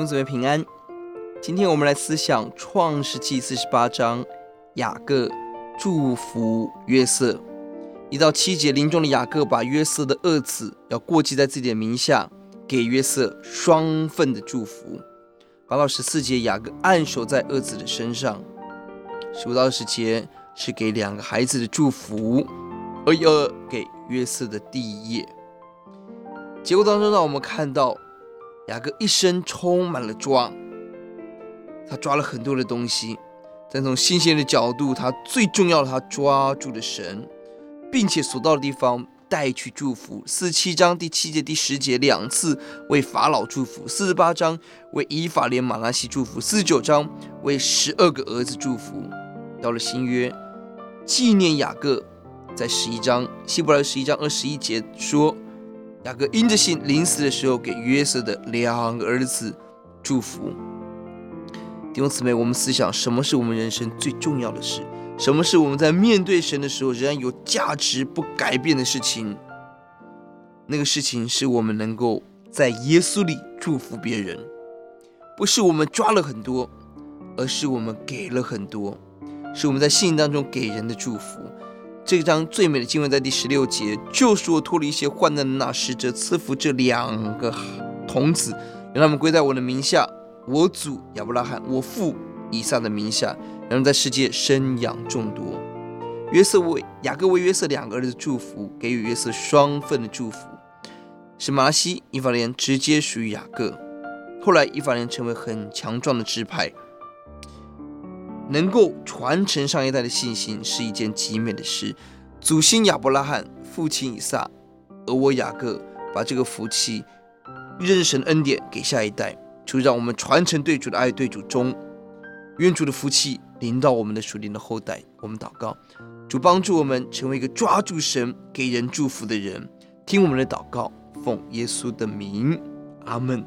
主子們平安，今天我們來思想創世記四十八章雅各祝福約瑟。一到七節，臨終的雅各把約瑟的二子要過繼在自己的名下，給約瑟雙份的祝福。八到十四節，雅各按手在二子的身上。十五到二十節是給兩個孩子的祝福，二二，給約瑟的地業。結果當中呢，我們看到。雅各一生充滿了抓，他抓了很多的東西，但從信心的角度，他最重要的，他抓住了神，並且所到的地方帶去祝福。四十七章第七節、第十節兩次為法老祝福；四十八章為以法蓮、瑪拿西祝福；四十九章為十二個兒子祝福。到了新約，紀念雅各在，在十一章希伯來十一章二十一節說。雅各因着信，臨死的時候給約瑟的兩個兒子祝福。弟兄姊妹，我們思想什麼是我們人生最重要的事？什麼是我們在面對神的時候仍然有價值、不改變的事情？那個事情是我們能夠在耶穌裡祝福別人，不是我們抓了很多，而是我們給了很多，是我們在信當中給人的祝福。這一章最美的經文在第十六節，就是救贖我脫離一切患難的那使者賜福這兩個童子，讓他們歸在我的名下，我祖亞伯拉罕，我父以撒的名下，兩人在世界生養眾多。約瑟為雅各為約瑟兩個兒子祝福，給予約瑟雙份的祝福，使瑪拿西以法蓮直接屬於雅各。後來以法蓮成為很強壯的支派。能夠傳承上一代的信心是一件極美的事。祖先亞伯拉罕，父親以撒，而我雅各，把這個福氣、認神恩典給下一代，就讓我們傳承對主的愛、對主忠，願主的福氣臨到我們的屬靈的後代。我們禱告，主幫助我們成為一個抓住神給人祝福的人。聽我們的禱告，奉耶穌的名，阿門。